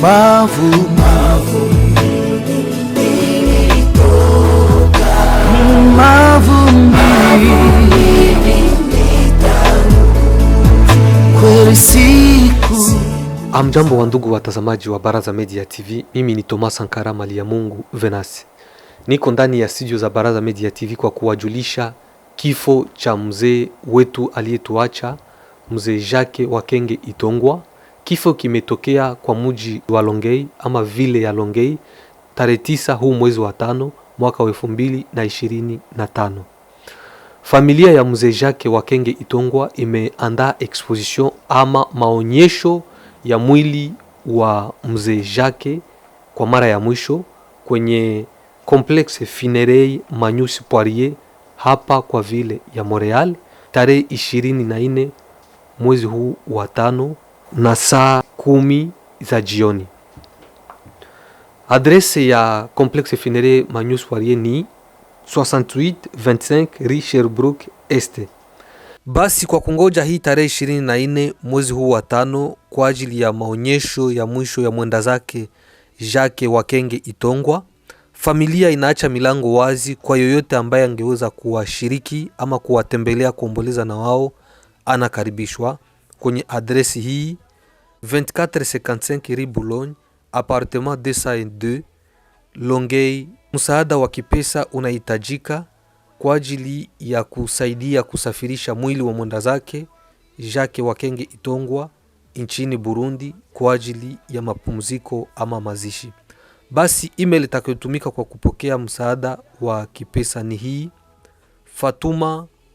mavu mavu Amjambo wa ndugu watazamaji wa Baraza Media TV, mimi ni Thomas Sankara mali ya Mungu Venasi, niko ndani ya studio za Baraza Media TV kwa kuwajulisha kifo cha mzee wetu aliyetuacha mzee Jacques Wakenge Itongwa. Kifo kimetokea kwa muji wa Longei ama vile ya Longei tarehe tisa huu mwezi wa tano mwaka wa elfu mbili na ishirini na tano. Familia ya mzee Jacques Wakenge Itongwa imeandaa exposition ama maonyesho ya mwili wa mzee Jacques kwa mara ya mwisho kwenye Complexe Funerei manus Poirier hapa kwa vile ya Montreal tarehe ishirini na nne mwezi huu wa tano na saa kumi za jioni. Adrese ya Complexe Funéraire Magnus Warie ni 6825 Rue Sherbrooke Este. Basi kwa kungoja hii tarehe ishirini na nne mwezi huu wa tano kwa ajili ya maonyesho ya mwisho ya mwenda zake Jacques Wakenge Itongwa, familia inaacha milango wazi kwa yoyote ambaye angeweza kuwashiriki ama kuwatembelea kuomboleza na wao, anakaribishwa kwenye adresi hii 2455 Rue Boulogne appartement 202 Longei. Msaada wa kipesa unahitajika kwa ajili ya kusaidia kusafirisha mwili wa mwenda zake Jacques Wakenge Itongwa nchini Burundi kwa ajili ya mapumziko ama mazishi. Basi email itakayotumika kwa kupokea msaada wa kipesa ni hii Fatuma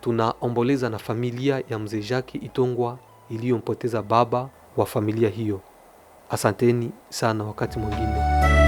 tunaomboleza na familia ya mzee Jacques Itongwa iliyompoteza baba wa familia hiyo. Asanteni sana, wakati mwingine.